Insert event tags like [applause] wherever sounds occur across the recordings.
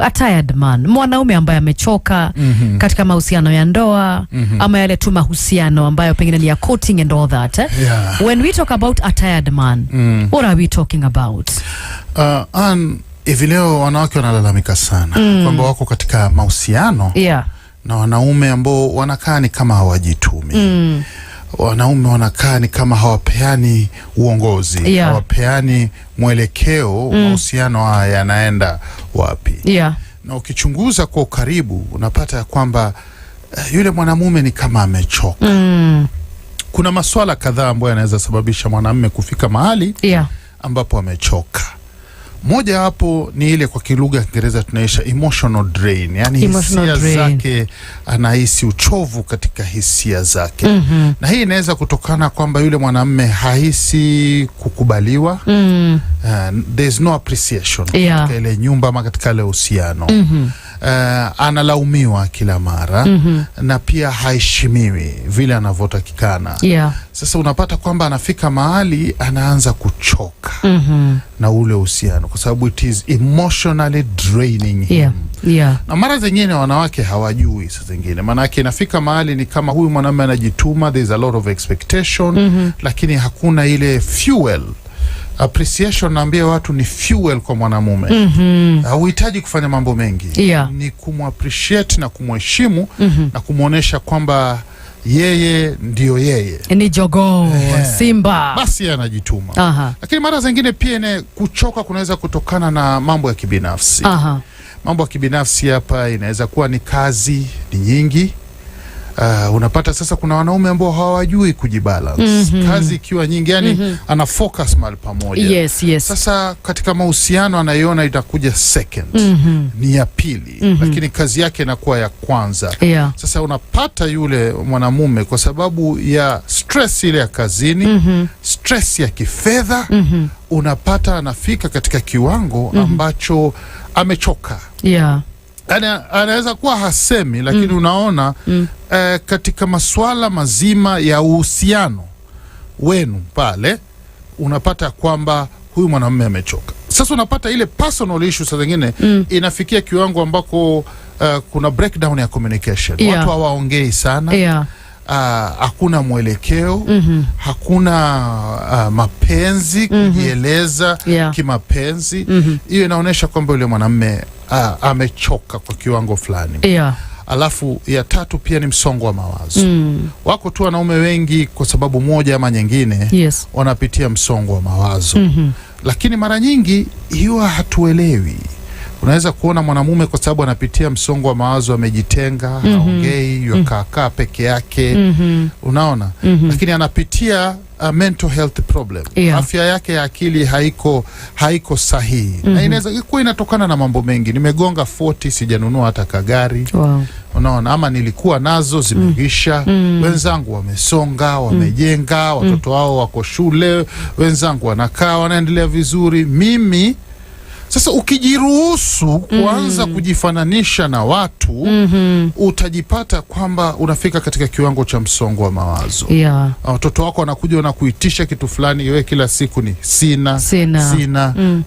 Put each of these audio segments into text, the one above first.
a tired man, mwanaume ambaye amechoka mm -hmm. katika mahusiano ya ndoa mm -hmm. ama yale tu mahusiano ambayo pengine ni ya courting and all that eh? yeah. when we talk about a tired man mm. what are we talking about uh, an hivi leo wanawake wanalalamika sana mm. kwamba wako katika mahusiano yeah. na wanaume ambao wanakaa ni kama hawajitumi mm wanaume wanakaa ni kama hawapeani uongozi yeah. hawapeani mwelekeo mm. mahusiano haya yanaenda wapi yeah. na ukichunguza kwa ukaribu unapata ya kwamba eh, yule mwanamume ni kama amechoka mm. kuna maswala kadhaa ambayo yanaweza sababisha mwanamume kufika mahali yeah. ambapo amechoka moja wapo ni ile kwa kilugha ya Kiingereza tunaisha emotional drain, yani emotional hisia drain zake, anahisi uchovu katika hisia zake mm -hmm. na hii inaweza kutokana kwamba yule mwanamme hahisi kukubaliwa mm. Uh, there's no appreciation yeah. katika ile nyumba ama katika ile uhusiano mm -hmm uh, analaumiwa kila mara mm -hmm. na pia haheshimiwi vile anavyotakikana yeah. Sasa unapata kwamba anafika mahali anaanza kuchoka mm -hmm. na ule uhusiano kwa sababu it is emotionally draining him yeah. Yeah. Na mara zingine wanawake hawajui saa zingine, maanake inafika mahali ni kama huyu mwanaume anajituma, there is a lot of expectation mm -hmm. lakini hakuna ile fuel appreciation naambia watu ni fuel kwa mwanamume. mm -hmm. Hauhitaji kufanya mambo mengi yeah. Ni kumappreciate na kumheshimu mm -hmm. na kumwonyesha kwamba yeye ndiyo yeye ni jogoo yeah. Simba basi yeye anajituma. Aha. Lakini mara zingine pia ine kuchoka kunaweza kutokana na mambo ya kibinafsi. Aha. Mambo ya kibinafsi hapa inaweza kuwa ni kazi ni nyingi Uh, unapata sasa kuna wanaume ambao hawajui kujibalance mm -hmm. Kazi ikiwa nyingi yani mm -hmm. ana focus mahali pamoja yes, yes. Sasa katika mahusiano anaiona itakuja second mm -hmm. ni ya pili mm -hmm. lakini kazi yake inakuwa ya kwanza yeah. Sasa unapata yule mwanamume kwa sababu ya stress ile ya kazini mm -hmm. stress ya kifedha mm -hmm. unapata anafika katika kiwango mhm. ambacho mm -hmm. amechoka yeah. Ana, anaweza kuwa hasemi lakini mm unaona mm eh, katika masuala mazima ya uhusiano wenu pale unapata kwamba huyu mwanamume amechoka. Sasa unapata ile personal issue saa zingine mm. inafikia kiwango ambako uh, kuna breakdown ya communication yeah. watu hawaongei sana yeah. uh, hakuna mwelekeo mm -hmm. hakuna uh, mapenzi mm -hmm. kujieleza yeah. kimapenzi mm-hmm. hiyo -hmm. inaonyesha kwamba yule mwanamume uh, amechoka kwa kiwango fulani yeah alafu ya tatu pia ni msongo wa mawazo mm. Wako tu wanaume wengi kwa sababu moja ama nyingine yes. Wanapitia msongo wa mawazo mm -hmm. Lakini mara nyingi hiwa hatuelewi. Unaweza kuona mwanamume kwa sababu anapitia msongo wa mawazo amejitenga, mm-hmm. haongei mm -hmm. peke yake mm -hmm. Unaona mm -hmm. Lakini anapitia uh, mental health problem yeah. Afya yake ya akili haiko, haiko sahihi mm -hmm. Na mhm. inaweza kuwa inatokana na mambo mengi, nimegonga 40 sijanunua hata kagari wow. Unaona, ama nilikuwa nazo mm. zimeisha mm. -hmm. Wenzangu wamesonga, mm. wamejenga, mm. watoto wao wako shule, wenzangu wanakaa wanaendelea vizuri, mimi sasa ukijiruhusu kuanza mm. kujifananisha na watu mm -hmm. utajipata kwamba unafika katika kiwango cha msongo wa mawazo yeah. Ah, watoto wako wanakuja wanakuitisha kitu fulani, wewe kila siku ni sina sina, sina mm.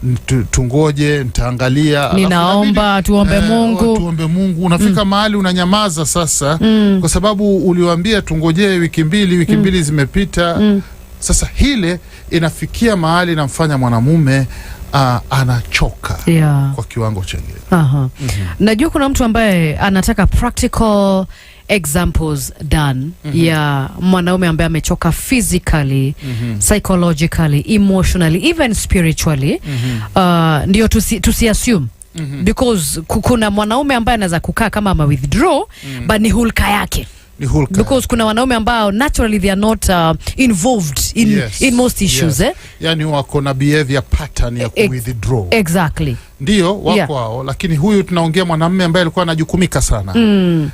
tungoje, nitaangalia, ninaomba tuombe eh, Mungu tuombe Mungu. Unafika mm. mahali unanyamaza sasa mm. kwa sababu uliwaambia tungojee wiki mbili, wiki mm. mbili mm. zimepita mm. Sasa hile inafikia mahali inamfanya mwanamume Uh, anachoka yeah, kwa kiwango chenye uh -huh. mm -hmm. Najua kuna mtu ambaye anataka practical examples done mm -hmm. ya mwanaume ambaye amechoka physically mm -hmm. psychologically emotionally even spiritually mm -hmm. uh, ndio tusi, tusi assume mm -hmm. because kuna mwanaume ambaye anaweza kukaa kama ama withdraw mm -hmm. but ni hulka yake ni hulka. Because kuna wanaume ambao naturally they are not uh, involved in, yes. in most issues yes. eh? Yani wako na behavior pattern ya ku withdraw. Exactly ndio wako yeah. Wao lakini huyu tunaongea mwanamume ambaye alikuwa anajukumika sana mm.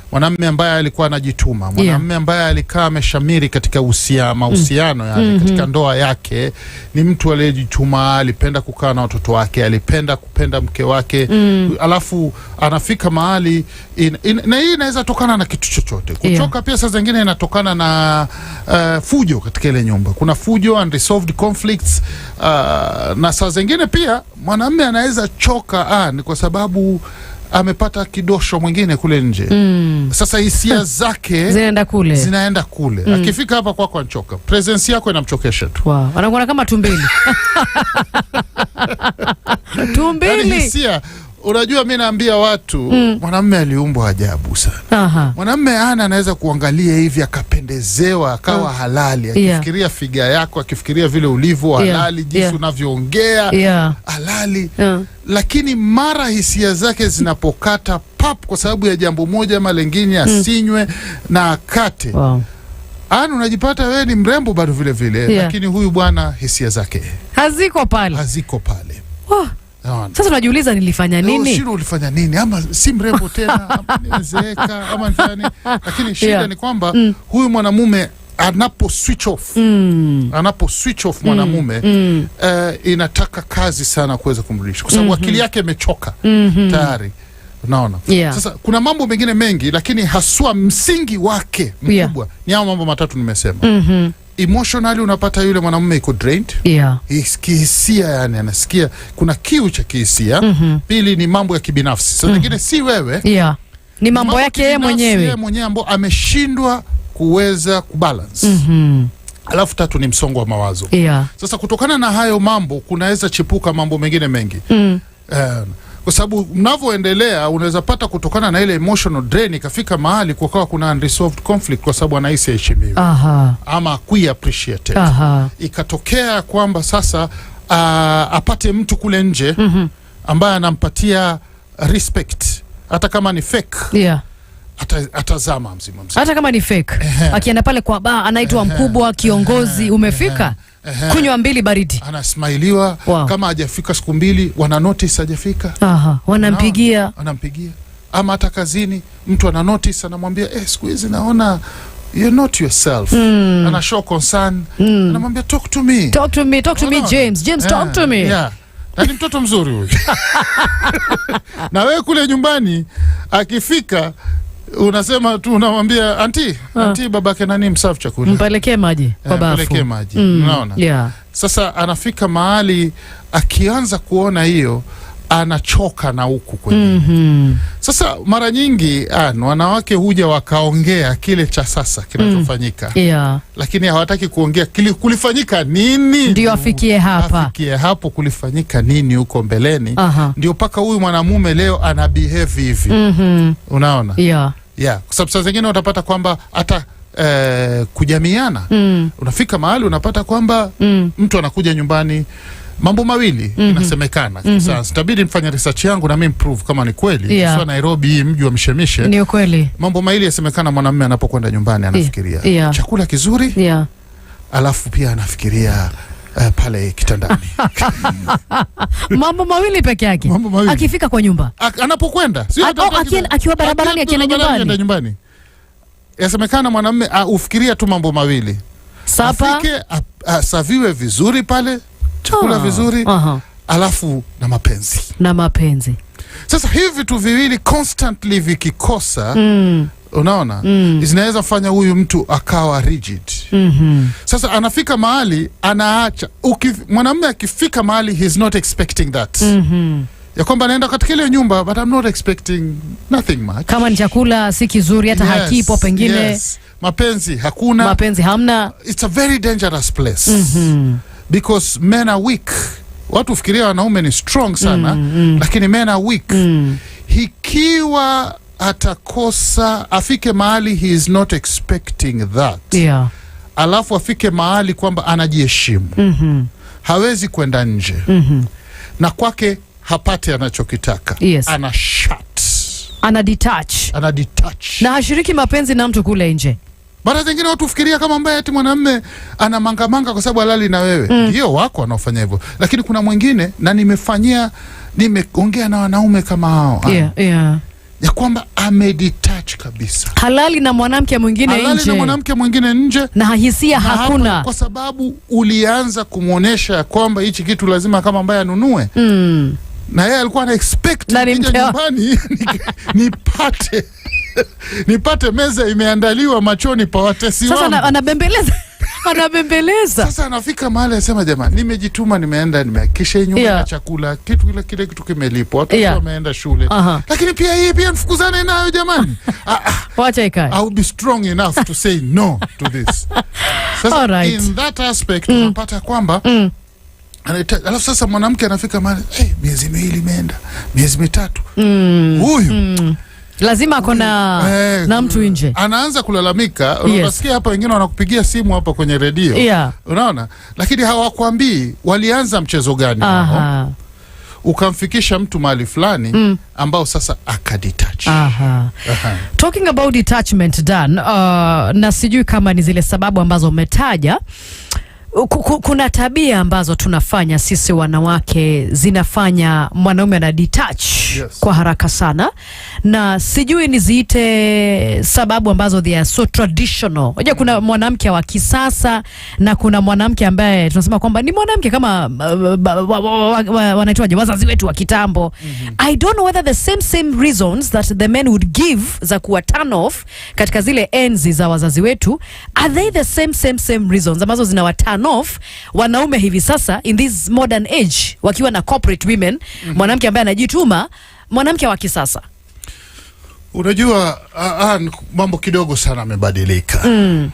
ambaye alikuwa anajituma, mwanamume ambaye alikaa ameshamiri katika usia, mm. mahusiano mm. Yani mm -hmm. Katika ndoa yake ni mtu aliyejituma, alipenda kukaa na watoto wake, alipenda kupenda mke wake mm. Alafu anafika mahali in, in, na hii inaweza tokana na kitu chochote kuchoka yeah. Pia saa zingine inatokana na uh, fujo katika ile nyumba, kuna fujo, unresolved conflicts uh, na saa zingine pia mwanamume anaweza choka amechoka, ah, ni kwa sababu amepata kidosho mwingine kule nje mm. Sasa hisia [laughs] zake zinaenda kule, zinaenda kule. Mm. Akifika hapa kwako kwa anchoka, presence yako inamchokesha tu wow. Anakuona kama tumbili [laughs] tumbili yaani hisia Unajua, mi naambia watu mm. mwanamme aliumbwa ajabu sana. Mwanamme ana anaweza kuangalia hivi aka akapendezewa akawa uh, halali akifikiria yeah. figa yako akifikiria vile ulivyo halali yeah. jinsi yeah. unavyoongea yeah. halali yeah. lakini mara hisia zake zinapokata pap kwa sababu ya jambo moja ama lengine hmm. asinywe mm. na akate wow. Ana unajipata wewe ni mrembo bado vile vile yeah. Lakini huyu bwana hisia zake haziko pale, haziko pale. Oh. No, sasa unajiuliza nilifanya nini? Shida ulifanya nini? Ama si mrembo tena, [laughs] nimezeeka ama nifanya Lakini shida yeah, ni kwamba mm, huyu mwanamume anapo switch off mm, anapo switch off mwanamume mm, uh, inataka kazi sana kuweza kumrudisha kwa sababu mm -hmm, akili yake imechoka mm -hmm, tayari Unaona, yeah. Sasa kuna mambo mengine mengi, lakini haswa msingi wake mkubwa yeah, ni hao mambo matatu nimesema. mm -hmm emotionally unapata yule mwanamume iko drained yeah. Kihisia yani anasikia kuna kiu cha kihisia mm -hmm. Pili ni mambo ya kibinafsi so, pengine mhm. mm -hmm. si wewe yeah. Ni mambo, yake yeye mwenyewe yeye mwenyewe ambao ameshindwa kuweza kubalance mm -hmm. Alafu tatu ni msongo wa mawazo yeah. Sasa kutokana na hayo mambo kunaweza chipuka mambo mengine mengi mm. Uh, kwa sababu mnavyoendelea unaweza pata kutokana na ile emotional drain, ikafika mahali kukawa kuna unresolved conflict, kwa sababu anahisi aheshimiwi ama kui appreciated, ikatokea kwamba sasa uh, apate mtu kule nje mm -hmm. ambaye anampatia respect hata kama ni fake yeah. atazama mzima mzima hata kama ni fake akienda pale kwa baa anaitwa mkubwa kiongozi, umefika kunywa mbili baridi, anasmailiwa wow. Kama hajafika siku mbili, wana notice hajafika, wanampigia wanampigia, ama hata kazini mtu ana notice anamwambia eh, siku hizi naona You're not yourself. Mm. Ana show concern. Mm. Anamwambia talk to me. Talk to me, talk to me James. James yeah, talk eh, to me. Yeah. ni mtoto mzuri huyu. [laughs] [laughs] Na wewe kule nyumbani akifika unasema tu unamwambia anti anti, ah. babake nani msafu chakula, mpelekee maji eh, kwa bafu, mpelekee maji mm. Unaona yeah. Sasa anafika mahali akianza kuona hiyo anachoka na huku kwenye mm -hmm. Sasa mara nyingi an, ah, wanawake huja wakaongea kile cha sasa kinachofanyika mm. yeah. Lakini hawataki kuongea kili, kulifanyika nini ndio afikie hapa, afikie hapo, kulifanyika nini huko mbeleni, ndio mpaka huyu mwanamume leo ana behave hivi mm -hmm. Unaona yeah yeah, kwa sababu saa zingine utapata kwamba hata eh, kujamiana mm. unafika mahali unapata kwamba mm. mtu anakuja nyumbani mambo mawili mm -hmm. Inasemekana mm -hmm. Sasa mhm. nifanye research yangu na mimi prove kama ni kweli yeah. Sio Nairobi hii mji wa mshemishe ni kweli, mambo mawili yasemekana, mwanamume anapokwenda nyumbani anafikiria yeah. chakula kizuri yeah. alafu pia anafikiria uh, pale kitandani [laughs] mambo mawili peke yake, akifika kwa nyumba, anapokwenda sio oh, akiwa barabarani, akienda nyumbani nyumbani, yasemekana mwanamume ufikiria tu mambo mawili, afike asaviwe vizuri pale, chakula ah, vizuri, alafu na mapenzi na mapenzi. Sasa hivi vitu viwili constantly vikikosa mm. Unaona mm. Zinaweza fanya huyu mtu akawa rigid mm -hmm. Sasa anafika mahali anaacha. Mwanamume akifika mahali he's not expecting that mm -hmm. ya kwamba anaenda katika ile nyumba but I'm not expecting nothing much. Kama ni chakula si kizuri hata yes, hakipo pengine yes. Mapenzi hakuna, mapenzi hamna. It's a very dangerous place mm -hmm. because men are weak. Watu fikiria wanaume ni strong sana mm-hmm. mm -hmm. lakini men are weak mm. ikiwa atakosa afike mahali he is not expecting that yeah. Alafu afike mahali kwamba anajiheshimu mm -hmm. Hawezi kwenda nje mm -hmm. na kwake hapate anachokitaka yes. Ana shut ana detach ana detach na hashiriki mapenzi na mtu kule nje. Mara zingine watu fikiria kama ambaye ati mwanamme ana mangamanga kwa sababu halali na wewe mm. ndio mm. wako wanaofanya hivyo, lakini kuna mwingine na nimefanyia nimeongea na wanaume kama hao yeah, yeah ya kwamba amedetach kabisa, halali na mwanamke mwingine nje, halali na mwanamke mwingine nje, na hisia hakuna, kwa sababu ulianza kumwonyesha ya kwamba hichi kitu lazima kama ambaye anunue mm. na yeye alikuwa ana expect nyumbani [laughs] nipate [laughs] nipate meza imeandaliwa machoni pa watesi wangu. Sasa anabembeleza anabembeleza. Sasa anafika mahali asema, jamani, nimejituma, nimeenda, nimehakikisha nyumba yeah. na chakula kitu kile kile kitu kimelipwa, watu yeah. wameenda shule uh -huh. lakini pia hii pia mfukuzane nayo jamani. [laughs] Ah, ah. Wacha ikae. I'll be strong enough to say no to this. [laughs] Sasa right. in that aspect mm. unapata kwamba mm. Alafu sasa mwanamke anafika mahali hey, miezi miwili imeenda, miezi mitatu mm. huyu mm lazima ako na eh, na mtu nje anaanza kulalamika yes. Unasikia hapa wengine wanakupigia simu hapa kwenye redio yeah. Unaona, lakini hawakwambii walianza mchezo gani ukamfikisha mtu mahali fulani mm. ambao sasa akadetach. Aha. Aha. Talking about detachment Dan, uh, na sijui kama ni zile sababu ambazo umetaja kuna tabia ambazo tunafanya sisi wanawake zinafanya mwanaume ana detach yes, kwa haraka sana, na sijui niziite sababu ambazo they are so traditional. Unajua, kuna mm-hmm. mwanamke wa kisasa na kuna mwanamke ambaye tunasema kwamba ni mwanamke kama uh, wanaitwaje, wazazi wetu wa kitambo. Mm-hmm. I don't know whether the same same reasons that the men would give za kuwa turn off katika zile enzi za wazazi wetu, are they the same same same reasons ambazo zinawatana turn off wanaume hivi sasa in this modern age wakiwa na corporate women mm -hmm. Mwanamke ambaye anajituma, mwanamke wa kisasa. Unajua a, a, mambo kidogo sana amebadilika mm.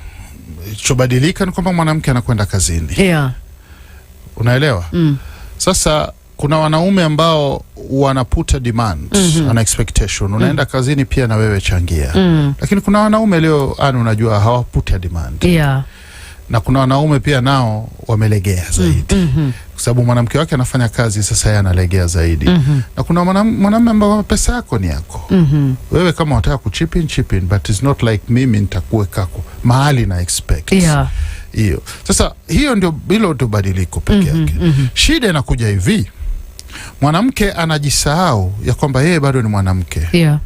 Chobadilika ni kwamba mwanamke anakwenda kazini yeah. Unaelewa mm. Sasa kuna wanaume ambao wanaputa demand mm -hmm. ana expectation unaenda mm. kazini pia na wewe changia mm. Lakini kuna wanaume leo, an, unajua hawaputa demand yeah na kuna wanaume pia nao wamelegea mm-hmm. zaidi mm -hmm. kwa sababu mwanamke wake anafanya kazi sasa, yeye analegea zaidi mm -hmm. na kuna mwanamume ambao pesa yako ni yako mm -hmm. wewe kama unataka kuchipin chipin, but it's not like mimi ntakuwekako mahali na expect yeah. sasa, hiyo ndio hilo ndio peke mm-hmm, yake mm -hmm. shida inakuja hivi, mwanamke anajisahau ya kwamba yeye bado ni mwanamke yeah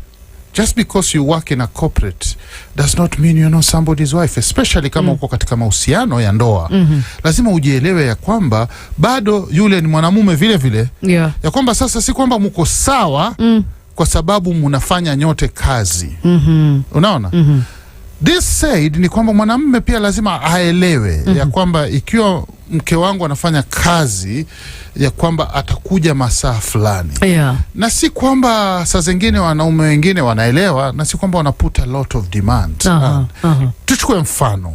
Just because you work in a corporate does not mean you know somebody's wife, especially kama mm. uko katika mahusiano ya ndoa mm -hmm. Lazima ujielewe ya kwamba bado yule ni mwanamume vile vile yeah. Ya kwamba sasa si kwamba muko sawa mm. Kwa sababu munafanya nyote kazi mm -hmm. Unaona mm -hmm. This said ni kwamba mwanamume pia lazima aelewe mm -hmm. ya mhm. kwamba ikiwa mke wangu anafanya kazi ya kwamba atakuja masaa fulani yeah. na si kwamba saa zingine wanaume wengine wanaelewa, na si kwamba wanaputa lot of demand uh ah, -huh, uh -huh. Tuchukue mfano,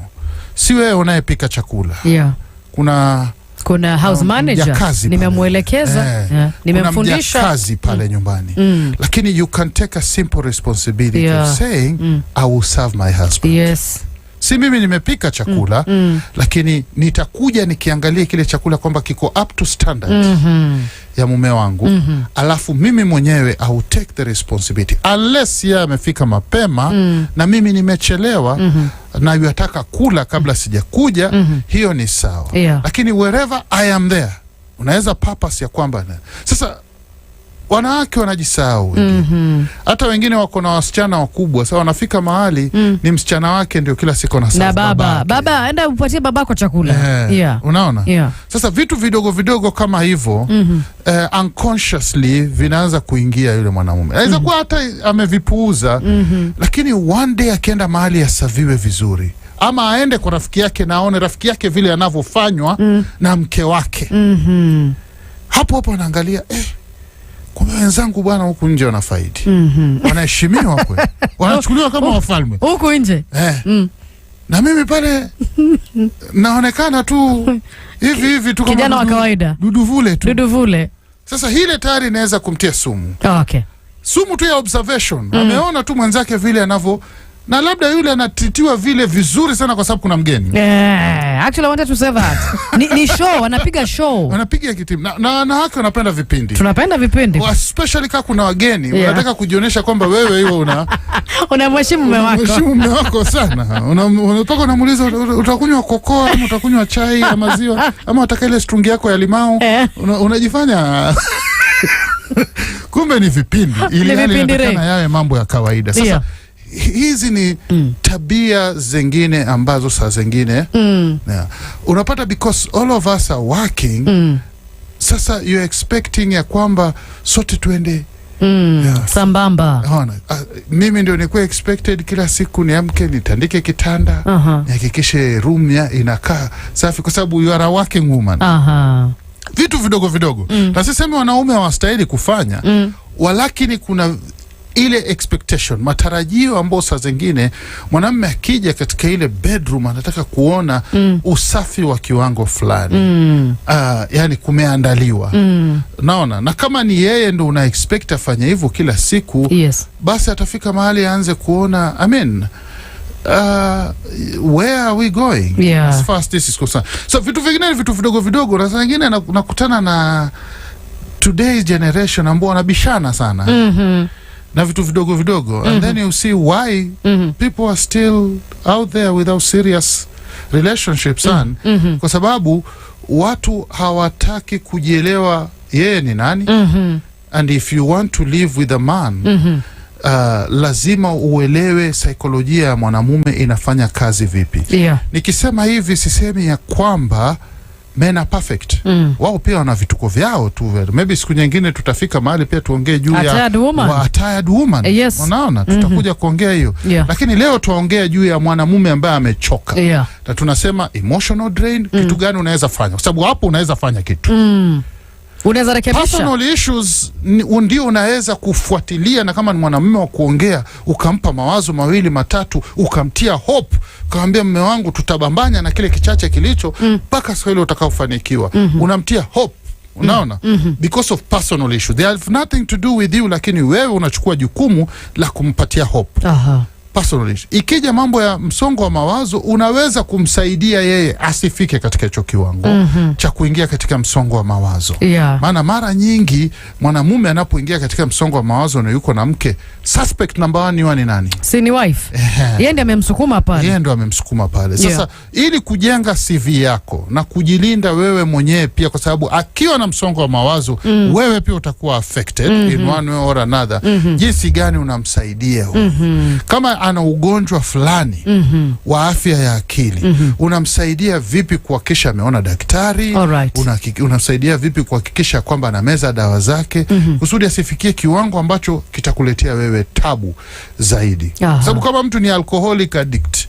si wewe unayepika chakula yeah. kuna kuna house manager nimemuelekeza eh, eh. nimemfundisha kazi pale mm. nyumbani mm. lakini you can take a simple responsibility yeah. of saying mm. I will serve my husband yes. Si mimi nimepika chakula mm, mm. lakini nitakuja nikiangalia kile chakula kwamba kiko up to standard mm -hmm. ya mume wangu mm -hmm. alafu mimi mwenyewe I will take the responsibility unless yeye amefika mapema mm. na mimi nimechelewa mm -hmm nayotaka kula kabla sijakuja, mm -hmm. hiyo ni sawa yeah. Lakini wherever I am there unaweza purpose ya kwamba sasa wanawake wanajisahau mm -hmm. Hata wengine wako na wasichana wakubwa, sasa wanafika mahali mm. Ni msichana wake ndio kila siku na baba baba, enda upatie babako chakula eh, yeah. Unaona yeah. Sasa vitu vidogo vidogo kama hivyo mm -hmm. eh, unconsciously vinaanza kuingia yule mwanamume anaweza mm -hmm. kuwa hata amevipuuza mm -hmm. Lakini one day akienda mahali asaviwe vizuri ama aende kwa rafiki yake na aone rafiki yake vile anavyofanywa mm. hmm na mke wake mm -hmm. Hapo hapo anaangalia eh, Kumbe wenzangu bwana huku nje wanafaidi. Mm -hmm. Wanaheshimiwa kwe [laughs] Wanachukuliwa kama wafalme. Huku nje. Eh. Mm. Na mimi pale [laughs] naonekana tu hivi hivi tu kama kijana wa kawaida. duduvule tu. duduvule Sasa hile tayari inaweza kumtia sumu. Oh, okay. Sumu tu ya observation. Mm. Ameona tu mwenzake vile anavyo na labda yule anatritiwa vile vizuri sana kwa sababu kuna mgeni. Yeah, actually I wanted to say that. [laughs] Ni, ni show, wanapiga show. Wanapiga kitimu. Na na wanawake wanapenda vipindi. Tunapenda vipindi. Well, especially kaa kuna wageni, yeah. Unataka kujionyesha kwamba wewe hiyo una [laughs] unamheshimu mume wako. Unamheshimu mume wako sana. Unataka unamuuliza utakunywa kokoa ama utakunywa chai ya maziwa ama utaka ile strungi yako ya limau. Yeah. Unajifanya Una, [laughs] kumbe ni vipindi ili yawe mambo ya kawaida. Sasa yeah hizi ni mm. tabia zingine ambazo saa zingine mm. yeah. unapata because all of us are working mm. Sasa you expecting ya kwamba sote tuende mm. yes. sambamba. Hona, uh, mimi ndio nikuwa expected kila siku niamke nitandike kitanda uh -huh. nihakikishe room ya inakaa safi, kwa sababu you are a working woman uh -huh. vitu vidogo vidogo mm. na sisemi wanaume hawastahili kufanya mm. walakini kuna ile expectation, matarajio ambayo saa zingine mwanamume akija katika ile bedroom anataka kuona mm. usafi wa kiwango fulani mm. uh, yani kumeandaliwa mm. naona, na kama ni yeye ndo una expect afanye hivyo kila siku yes. basi atafika mahali aanze kuona amen Uh, where are we going? Yeah. As fast this is concerned. So vitu vingine vitu vidogo vidogo na zingine nakutana na today's generation ambao wanabishana sana. Mm -hmm na vitu vidogo vidogo mm -hmm. and mhm. then you see why mm -hmm. people are still out there without serious relationships mm -hmm. and mm -hmm. kwa sababu watu hawataki kujielewa yeye ni nani mm -hmm. and if you want to live with a man mm -hmm. Uh, lazima uelewe saikolojia ya mwanamume inafanya kazi vipi. Yeah. Nikisema hivi sisemi ya kwamba men are perfect mm. Wao pia wana vituko vyao tu, maybe siku nyingine tutafika mahali pia tuongee juu ya a tired woman, eh, yes. Unaona, mm-hmm. tutakuja mm -hmm. kuongea hiyo yeah. Lakini leo tuongea juu ya mwanamume ambaye amechoka yeah. Na tunasema emotional drain mm. Kitu gani unaweza fanya, kwa sababu hapo unaweza fanya kitu mm unaweza rekebisha personal issues, ndio unaweza kufuatilia, na kama ni mwanamume wa kuongea, ukampa mawazo mawili matatu, ukamtia hope, ukamwambia mume wangu, tutabambanya na kile kichache kilicho mm. mpaka mm. swali utakaofanikiwa mm -hmm. unamtia hope Unaona, mm -hmm. because of personal issue they have nothing to do with you, lakini wewe unachukua jukumu la kumpatia hope. Aha personalism. Ikija mambo ya msongo wa mawazo, unaweza kumsaidia yeye asifike katika hicho kiwango mm -hmm. cha kuingia katika msongo wa mawazo yeah. Maana mara nyingi mwanamume anapoingia katika msongo wa mawazo na yuko na mke, suspect number one ni nani? Si ni wife. Yeye ndiye amemsukuma pale, yeye ndiye amemsukuma pale. Sasa yeah. ili kujenga CV yako na kujilinda wewe mwenyewe pia, kwa sababu akiwa na msongo wa mawazo mm. wewe pia utakuwa affected mm -hmm. in one way or another mm -hmm. jinsi gani unamsaidia mm -hmm. kama ana ugonjwa fulani mm -hmm. wa afya ya akili mm -hmm. unamsaidia vipi kuhakikisha ameona daktari? Alright. Unamsaidia vipi kuhakikisha kwamba anameza dawa zake mm -hmm. kusudi asifikie kiwango ambacho kitakuletea wewe tabu zaidi, sababu kama mtu ni alcoholic addict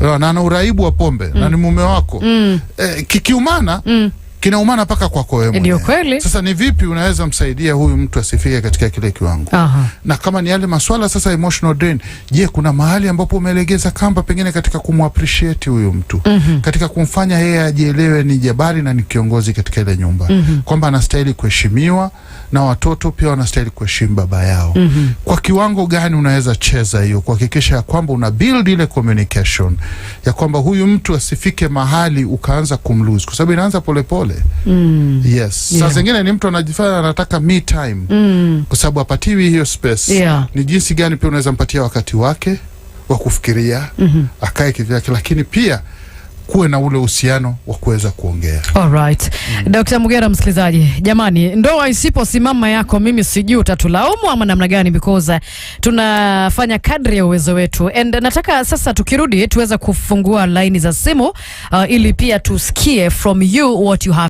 na ana uraibu wa pombe mm. na ni mm. mume wako mm. eh, kikiumana mm kinaumana mpaka kwako wewe e, ndio kweli. Sasa ni vipi unaweza msaidia huyu mtu asifike katika kile kiwango? Aha. Na kama ni yale maswala sasa emotional drain, je, kuna mahali ambapo umelegeza kamba pengine katika kumappreciate huyu mtu mm -hmm. katika kumfanya yeye ajielewe ni jabari na ni kiongozi katika ile nyumba mm -hmm. kwamba anastahili kuheshimiwa na watoto pia wanastahili kuheshimu baba yao mm -hmm. Kwa kiwango gani unaweza cheza hiyo kuhakikisha kwamba una build ile communication ya kwamba huyu mtu asifike mahali ukaanza kumlose, kwa sababu inaanza polepole pale mm. Yes, yeah. Saa zingine ni mtu anajifanya anataka me time mm. kwa sababu apatiwi hiyo space yeah. Ni jinsi gani pia unaweza mpatia wakati wake wa kufikiria mm -hmm. akae kivyake, lakini pia kuwe na ule uhusiano wa kuweza kuongea. Alright. Mm. Dr. Mugera, msikilizaji, jamani, ndoa isiposimama yako, mimi sijui utatulaumu ama namna gani, because eh, tunafanya kadri ya uwezo wetu, and nataka sasa tukirudi tuweza kufungua laini za simu uh, ili pia tusikie from you what you have